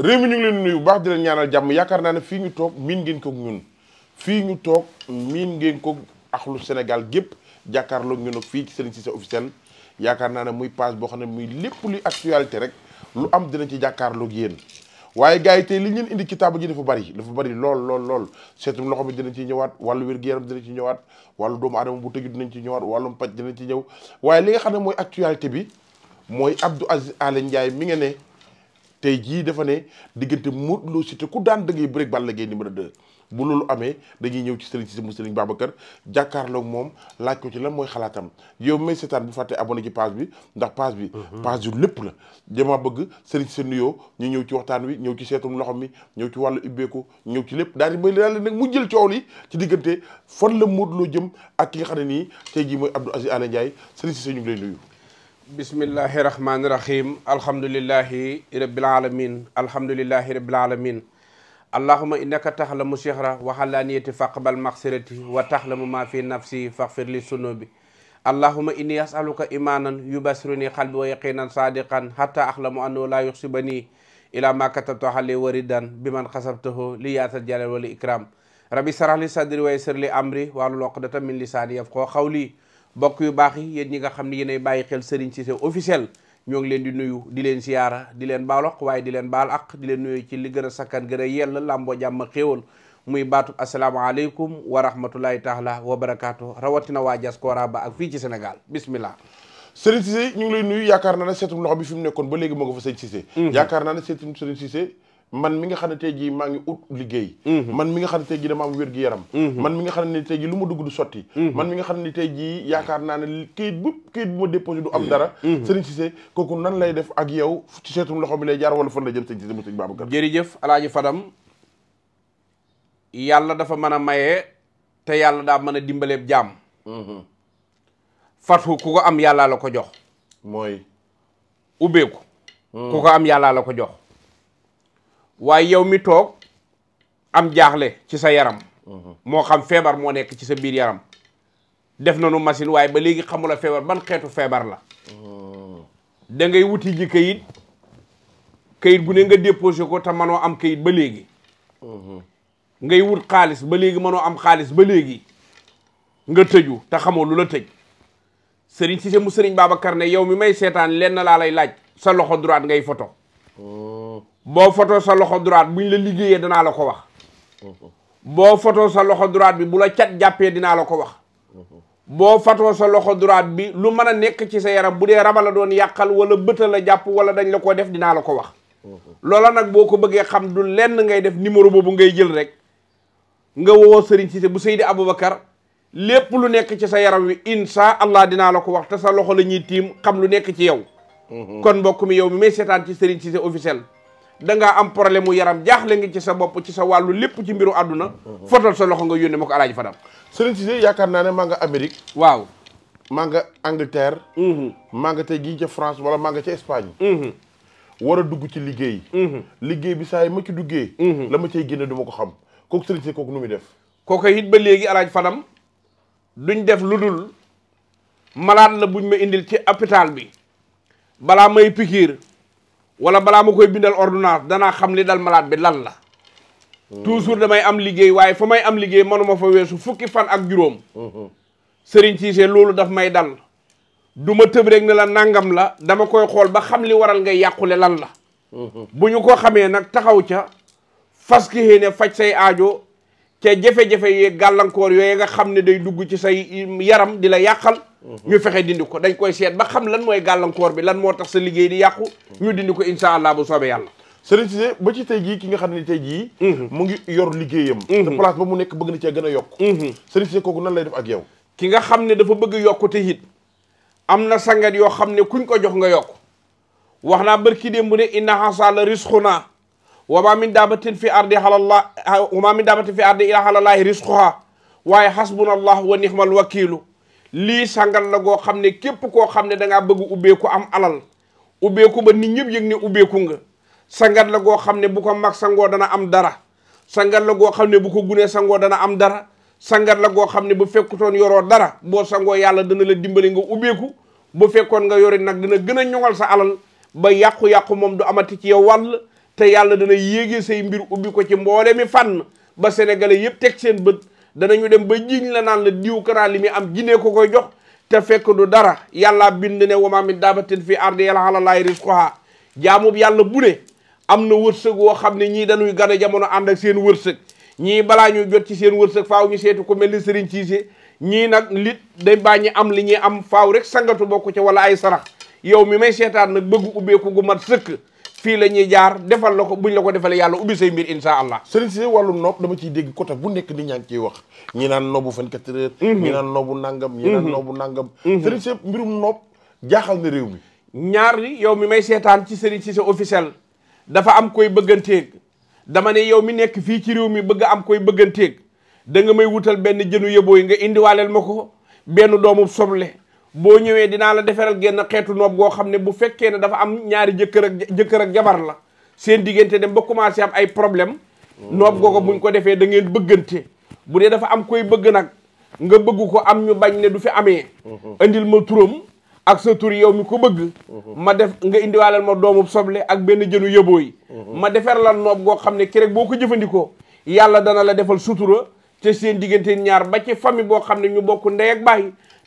réew mi ñu ngi leen nuyu bu baax di leen ñaanal jàmm yaakaar naa ne fii ñu toog miin ngeen ko ñun fii ñu toog miin ngeen ko axlu Sénégal gépp jàkkaarloo ñun ak fii ci Serigne Cissé officiel yaakaar naa ne muy page boo xam ne muy lépp luy actualité rek lu am dina ci jàkkaarloog yéen waaye gars yi tey li ñu indi ci table ji dafa bari dafa bari lool lool lool seetum loxo bi dinañ ci ñëwaat wàllu wér-gu-yaram dinañ ci ñëwaat wàllu doomu aadama bu tëju dinañ ci ñëwaat wàllum paj dinañ ci ñëw waaye li nga xam ne mooy actualité bi mooy Abdou Aziz Aly Ndiaye mi nga ne tey jii dafa ne diggante Modou Lo Siteu ku daan da ngay bëre ak Balla Gaye numéro 2 bu loolu amee dañuy ñëw ci Serigne Cissé mu Serigne Babacar jàkkaarloog moom laaj ko ci lan mooy xalaatam yow may seetaan bu fàtte abonné ji page bi ndax page bi. Mhm. page yu lépp la. dama bëgg Serigne Cissé nuyoo ñu ñëw ci waxtaan wi ñëw ci seetum loxo mi ñëw ci wàllu ubbeeku ñëw ci lépp daal di may daal nag mu jël coow li ci diggante fan la Modou Lo jëm ak ki xam ne nii tey jii mooy Abdou Aziz Alé Ndiaye Serigne Cissé ñu ngi bismillahi rahmaani rahim alhamdulilahi rabbil alamin alhamdulilahi rabbil alamin allahuma innaka taxlamu sihra wa xalaaniyati faqbal maxsirati wa taxlamu ma fi nafsi faxfir li sunubi allahuma inni asaluka imanan yubasiruni xalbi wa yaqinan sadiqan xata axlamu annahu la yuxsibani ila ma katabtu xale waridan biman xasabtahu li yaasal jalal wal ikram rabbi sarah li sadri wa yassir li amri wahlul uqdatan min lisani yafqahu qawli bokk yu baax yi yéen ñi nga xam ne yéenay bàyyi xel Serigne Cissé officiel ñoo ngi leen di nuyu di leen siyaara di leen baal wax waaye di leen baal ak di leen nuyu ci li gën a sakkan gën a yell làmboo jàmm xéewal muy baatu asalaamaaleykum wa rahmatulahi taala wa barakaatu rawatina waa diaspora ba ak fii ci Sénégal bismillah Serigne Cissé ñu ngi lay nuyu yaakaar naa ne seetum loxo bi fi nekkoon ba léegi moo ko fa sëñ Cissé mm-hmm. yaakaar naa ne seetum man mi nga xam ne tey jii maa ngi ut liggéey mhm. man mi nga xam ne tey jii dama am wér yaram mhm. man mi nga xam ne tey jii lu ma dugg du sotti mhm. man mi nga xam ne tey jii yaakaar naa ne kayit bu kayit bu ma déposé du am dara Serigne Cissé kooku nan lay def ak yow ci seetum loxo bi lay jaar wala la jëm Serigne Cissé mu Serigne Babacar jërëjëf alaaji Fadam yàlla dafa mën a maye te yàlla daa mën a dimbaleeb jaam fatu ku ko am yàlla la ko jox mooy ubbeeku ku ko am yàlla la ko jox waaye yow mi toog am jaaxle ci sa yaram mhm. moo xam feebar moo nekk ci sa biir yaram def nañu machine waaye ba léegi xamula feebar ban xeetu feebar la mhm. da ngay wuti ji kayit kayit gu ne nga déposé ko te manoo am kayit ba léegi mhm. ngay wut xaalis ba léegi manoo am xaalis ba léegi nga tëju te xamoo lu la tëj sëriñ Cissé mu sëriñ Babacar ne yow mi may seetaan lenn laa lay laaj sa loxo droite ngay photo oh. boo foto sa loxo droite ñu la liggéeyee danaa la ko wax boo foto sa loxo droite bi bu la cat jàppee dinaa la ko wax boo fatoo sa loxo droite bi lu mën a nekk ci sa yaram bu dee raba la doon yàqal wala bëta la jàpp wala dañ la ko def dinaa la ko wax loola nag boo ko bëggee xam du lenn ngay def numéro boobu ngay jël rek nga woo sëriñ Cissé bu Seydi Aboubacar lépp lu nekk ci sa yaram wi insha allah dinaa la ko wax te sa loxo la ñuy tiim xam lu nekk ci yow mm-hmm. kon mbokk mi yow mi may seetaan ci sëriñ Cissé dangaa am problème mu yaram jaaxle nga ci sa bopp ci sa wàllu lépp ci mbiru àdduna fotal sa loxo nga yónnee ma ko alaaji Fadam Serigne Cissé yaakaar naa ne maa nga Amérique waaw maa nga Angleterre mm-hmm. maa te tey jii France wala maa nga ca Espagne mm-hmm. war a dugg ci liggéey mm-hmm. liggéey bi saa yi ma ci duggee la ma ciy génne du ko xam kooku Serigne Cissé kooku nu muy def kooku it ba léegi alaaji Fadam duñ def lu dul malade la buñ ma indil ci hôpital bi balaa may pikiir wala balaa ma koy bindal ordonnance danaa xam li dal malaat bi lan la toujours damay am liggéey waaye fa may am liggéey manuma fa weesu fukki fan ak juróom mhm. Serigne Cissé loolu daf may dal du ma tëb rek ne la nangam la dama koy xool ba xam li waral ngay yàqule lan la mhm. bu ñu ko xamee nag taxaw ca fas ki ne faj say aajo ca jafe-jafe yi gàllankoor yooyu nga xam ne day dugg ci say yaram di la yàqal ñu fexe dindi ko dañ koy seet ba xam lan mooy gàllankoor bi lan moo tax sa liggéey di yàqu ñu dindi ko insha allah bu soobee yàlla Serigne Cissé ba ci jii ki nga xam ne tey jii mhm. mu ngi yor liggéeyam mhm. te place ba mu nekk bëgg na cee gën a yokk mhm. Serigne Cissé kooku nan lay def ak yow ki nga xam ne dafa bëgg yokkute it am na sangat yoo xam ne kuñ ko jox nga yokk wax naa barki démb ne inna hasala risquna wa ma min daabatin fi ardi halallah wa ma min daabatin fi ardi ila halallah risquha waaye hasbunallah wa ni'mal wakilu lii sangal la goo xam ne képp koo xam ne da bëgg ubbeeku am alal ubbeeku ba nit ñëpp yëg ne ubbeeku nga sangal la goo xam ne bu ko mag sangoo dana am dara sangal la goo xam ne bu ko gunee sangoo dana am dara sangal la goo xam ne bu fekkutoon yoroo dara boo sangoo yàlla dana la dimbali nga ubbeeku bu fekkoon nga yori nag dana gën a ñoŋal sa alal ba yàqu-yàqu moom du amati ci yow wàll te yàlla dana yéegee say mbir ubbi ko ci mboole mi fànn ba sénégalais yëpp teg seen bët danañu dem ba jiiñ la naan la diw li muy am jinee ko koy jox te fekk du dara yàlla bind ne wama min dabatin fii ardi yalaalalaay risqoha jaamub yàlla bu ne am na wërsëg woo xam ne ñii dañuy gane jamono ànd ak seen wërsëg ñii balaa ñu jot ci seen wërsëg faaw ñu seetu ko mel ni sëriñ Cissé ñii nag lit day ñi am li ñuy am faaw rek sangatu bokk ci wala ay sarax yow mi may seetaan na bëgg ubbeeku gu mat sëkk fii la ñuy jaar defal la ko buñ la ko defalee yàlla ubbi say mbir insha allah Serigne Cissé wàllu nopp dama ciy dégg côté bu nekk nit ñaa ngi ciy wax ñi naan noobu 24 heures mhm. ñi naan noobu nangam ñi naan mhm. noobu nangam mhm. Serigne Cissé mbirum nopp jaaxal na réew mi ñaar yi yow mi may seetaan ci Serigne sa officiel dafa am koy bëgganteeg dama ne yow mi nekk fii ci réew mi bëgg am koy bëgganteeg da nga may wutal benn jënu yëbooy nga indiwaaleel ma ko benn doomu soble boo ñëwee dinaa la defaral genn xeetu noob goo xam ne bu fekkee ne dafa am ñaari jëkkër ak jëkkër ak jabar la seen diggante dem ba commencé am ay problème noob googu buñ ko defee da ngeen bëggante bu dee dafa am koy bëgg nag nga bëgg ko am ñu bañ ne du fi amee andil mhm. ma turam ak sa tur yow mi ko bëgg mhm. ma def nga indiwaaleel ma doomub soble ak benn jënu yëboo yi mhm. ma defar la noob goo xam ne ki boo ko jëfandikoo yàlla dana la defal sutura te seen diggante ñaar ba ci boo xam ne ñu bokk ndey ak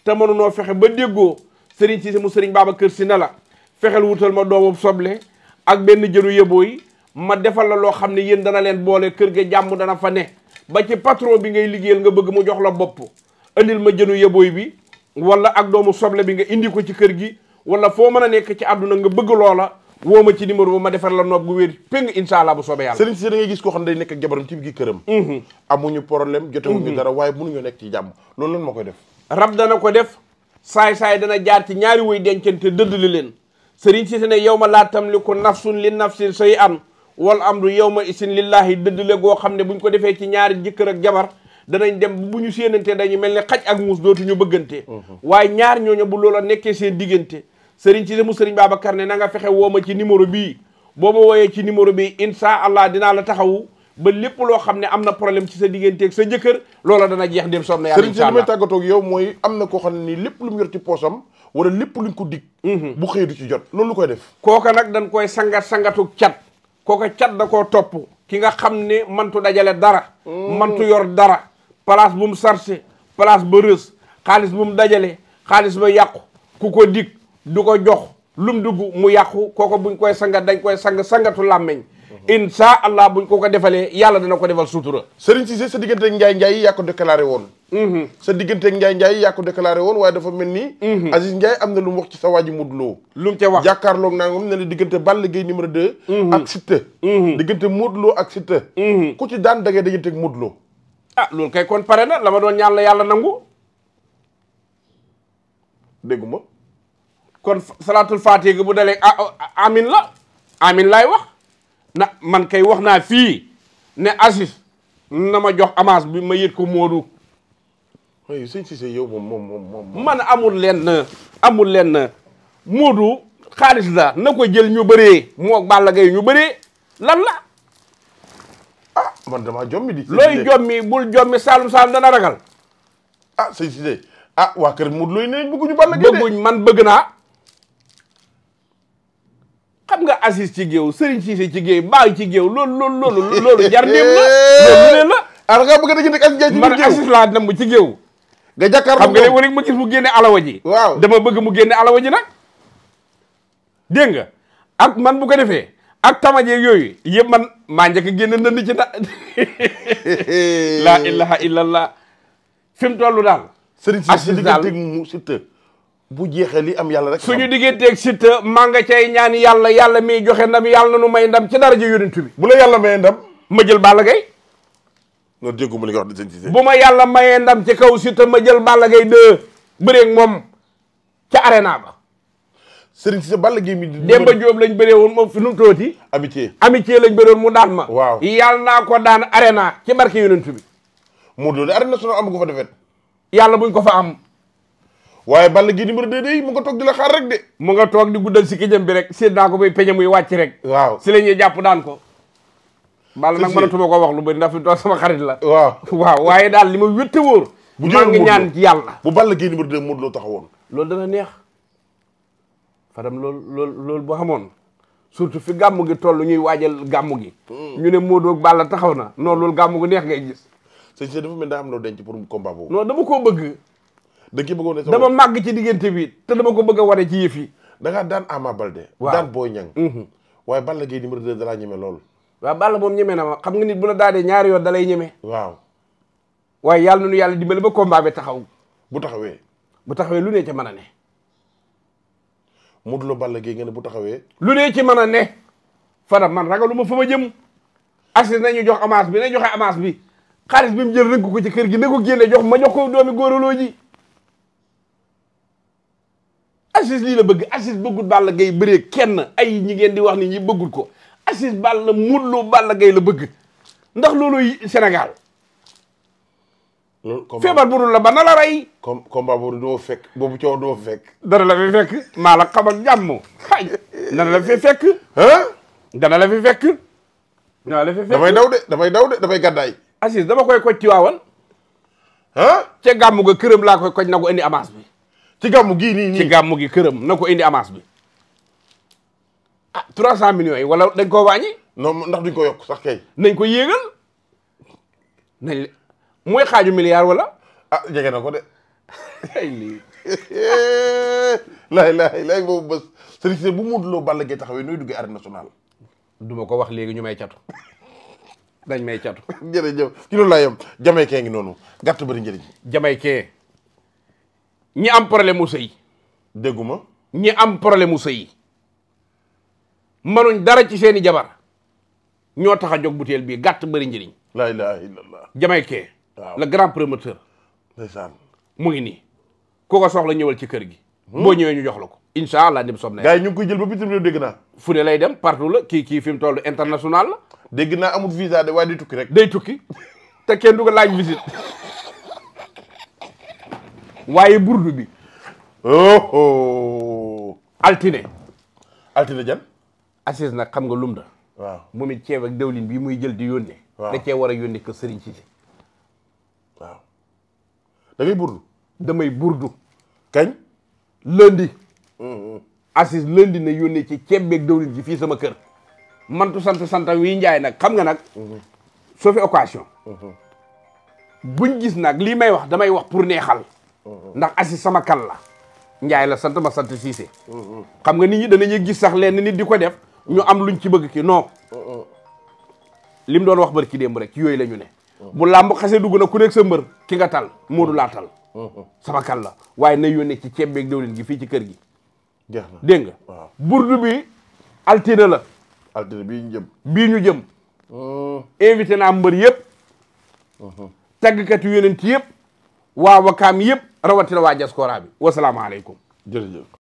te mënunoo fexe ba déggoo Serigne Cissé mu baaba kër si ne la fexeel wutal ma doomu soble ak benn jënu yeboo ma defal la loo xam ne yéen dana leen boole kër ga jàmm dana fa ne ba ci patron bi ngay liggéeyal nga bëgg mu jox la bopp andil ma jënu yeboo bi wala ak doomu soble bi nga indi ko ci kër gi wala foo mën a nekk ci àdduna nga bëgg loola woo ma ci numéro ba ma defar la noob gu wér péng incha allah bu soobee yàlla Serigne Cissé da ngay gis koo xam ne day nekk ak jabaram ci biir këram mhm. amuñu problème mhm. jàmm loolu lan moo koy def rab dana ko def saay-saay dana jaar ci ñaari woy dencante dëddli leen sëriñ si ne yow ma laa tamliku nafsun li nafsin say an wal amru yow ma isin lillahi dëddle goo xam ne bu ñu ko defee ci ñaari jëkkër ak jabar danañ dem bu ñu séenante dañu mel ne xaj ak muus dootuñu bëggante mhm. waaye ñaar ñooñu bu loola nekkee seen diggante sëriñ si mu sëriñ Babacar ne na nga fexe woo ma ci numéro bii boo ma wooyee ci numéro bii insha allah dinaa la taxawu ba lépp loo xam ne am na problème ci sa digganteeg sa jëkkër loola dana jeex dem soob na yàlla incha allah sëriñ si li mooy am na koo xam ne nii lépp lu mu yor ci poosam wala lépp luñ ko dig mhm. bu xëy du ci jot loolu lu koy def kooka nag dañ koy sangat sangatu cat kooka cat da koo topp ki nga xam ne mantu dajale dara mm. mantu yor dara place bu mu sarse ba rës xaalis bu mu dajale xaalis ba yàqu ku ko dig du ko jox lum dugg mu yàqu kooka buñ koy sangat dañ koy sang sangatu làmmeñ Mhm. insha allah buñ ko ko defalee yàlla dana ko defal suutura Serigne Cissé sa diggante ak Ndiaye Ndiaye yaa ko déclaré woon mhm. sa diggante ak Ndiaye Ndiaye yaa ko déclaré woon waaye dafa mel nii mhm. Aziz Ndiaye am na lu mu wax ci sa waaji Modou lu mu ca wax jàkkaarloog naa moom ne ne diggante Balla Gaye numéro 2 ak Siteu diggante Modou Lo ak Siteu ku ci daan dagee diggante ak Modou Lo ah loolu kay kon pare na lama doon ñaan la yàlla nangu déggu kon salaatul fatiha bu dalee ah, oh, amin la amin laay wax na man kay wax naa fii ne Aziz na ma jox avance bi ma yët ko Modou. oui sëñ Cissé yow moom moom moom. man amul lenn amul lenn Modou xaalis na ko jël ñu bëree moo Balla Gaye ñu bëree lan la. ah man damaa jommi di. looy jommi bul jommi Saalum Saalum dana ragal. a ah, sëñ a ah waa kër Modou looy ne ñu Balla Gaye de bëgguñ man bëgg naa. xam nga Aziz ci géew Serigne Cissé ci géew Baye ci géew loolu loolu loolu loolu jar ndéem la eh! loolu leen la alors nga bëgg a dëgg ak Aziz ci géew man Aziz laa dem ci géew nga nga ne wala ma gis mu génne alawa ji waaw dama bëgg mu génne alawa ji nag dégg nga ak man bu ko defee ak tamajeeg yooyu yëpp man maa njëkk a génne ndënd ci na laa ilaha illallah fi mu toll daal Serigne Cissé daal digganteeg mu bu jeexee li am yàlla rek. suñu digganteeg Siteu maa nga cay ñaan yàlla yàlla miy joxe ndam yàlla nu may ndam ci daraja yonent bi. bu la yàlla mayee ma jël Balla Gaye. loolu dégguma li nga wax di bu ma yàlla mayee ndam ci kaw Siteu ma jël Balla Gaye de bëreeg moom ca arena ba. Serigne Cissé Balla Gaye mi. Demba Diop lañ bëree woon moom fi nu tooti. amitié amitié lañ bëree woon mu daan ma. waaw yàlla naa ko daan arena ci barke yonent bi. mu doon arena sunu am ko fa defet yàlla buñ ko fa am. waaye Balla Gaye numéro 2 day mu nga toog di la xaar rek de mu nga toog di guddal si kijam bi rek seet naa ko bay peñe muy wàcc rek waaw si la ñuy jàpp daan ko Balla nag mënatuma ko wax lu bëri ndax fi sama xarit la waaw waaw waaye daal li ma wétte bu maa ngi ñaan ci yàlla bu Balla Gaye numéro 2 Modou Lo taxawoon loolu dana neex Fadam loolu loolu loolu bu xamoon surtout fi gàmmu gi toll ñuy waajal gàmmu gi hmm. ñu ne Modou ak Balla taxaw na non lool gàmmu gi neex nga gis sëñ si dafa mel daa am loo denc pour combat boobu non dama koo bëgg da ki bëggoon dama màgg ci diggante bi te dama ko bëgg a wane ci yëf yi da ngaa daan Ama Baldé waaw daan Boy Niang mhm. waaye Balla Gaye numéro 2 dalaa ñeme lool waaw Balla moom ñeme na ma xam nga nit bu la daanee ñaari yoon dalay ñeme waaw waaye yàlla nanu yàlla dimbali ba combat bi taxaw bu taxawee bu taxawee lu ne ci mën a ne mu Lo Balla Gaye nga bu taxawee lu ne ci man a ne fana man ragaluma fa ma jëm assis nañu jox avance bi nañ joxe avance bi xaalis bi mu jël ko ci kër gi ne ko jox ma jox ko doomi góoraloo Aziz lii la bëgg Aziz bëggul Balla Gaye bëree kenn ay ñi ngeen di wax ni ñi bëggul ko Aziz Balla Modou Lo Balla Gaye la bëgg ndax loolu Sénégal. loolu combat feebar bu dul la ba na la rey. comme combat boobu doo fekk boobu coow doo fekk. dana la fekk maa la xam ak jàmm. dana la fi fekk. ah dana la fi fekk. dana la damay daw de damay daw de damay gàddaay. Aziz dama koy koj ci waawan. ca gàmmu ga këram laa koy koj na ko indi avance bi. ci gàmmu gii nii nii ci gàmmu gi këram na ko indi avance bi ah 300 millions yi wala dañ koo wàññi. ndax duñ ko yokk sax kay. nañ ko yéegal nañ mooy xaaju milliard wala. ah jege na ko de. ay lii. laay laay laay boobu bés. Serigne Cissé bu mu mënuloo Balla Gaye taxawee nuy duggee arène national du ma ko wax léegi ñu may catu. dañ may catu. jërëjëf ki loolu laa ngi noonu gàtt bëri njëriñ. jamaykee. ñi am problème mu sëy dégguma ñi am problème mu sëy manuñ dara ci seeni jabar ñoo tax a jóg butéel bii gàtt bari njëriñ la ilaha illallah jamaykee waaw le grand promoteur ndeysaan mu ngi nii ku ko soxla ñëwal ci kër gi hmm? boo ñëwee ñu jox la ko incha allah dim sob na gars yi ñu ngi koy jël ba bitim réew dégg naa fu ne lay dem partout la kii kii fi mu toll international la dégg naa amut visa de waaye day tukki rek day tukki te kenn du ko laaj visite waaye burdu bi altine altine jan assise nag xam nga lum da waaw moom it ceeb dawlin bi muy jël di yónnee da cee war a yónnee ko sëriñ si waaw da ngay burdu damay burdu kañ lundi mm-hmm. assise lundi na yónnee ci ceeb beeg dawlin ci fii sama kër mantu sant santa wi njaay nag xam nga nag mm-hmm. soo fi occasion mm-hmm. buñ gis nag lii may wax damay wax pour neexal ndax Aziz sama kal la Njaay la sant ma sant Cissé xam nga nit ñi danañuy gis sax lenn nit di ko def ñu am luñ ci bëgg ki non li mu doon wax bër ci démb rek ci yooyu la ñu ne bu làmb xase dugg na ku nekk sa mbër ki nga tal Moodu laa sama kal la waaye na yónnee ci ceeb beeg diwlin gi fii ci kër gi dégg nga burdu bi altine la altine bii ñu jëm bii ñu jëm hmm. invité naa mbër yëpp hmm. taggkatu yonent yëpp waa wakaam yëpp rawatina waa diaspora bi wasalaamaaleykum jërëjëf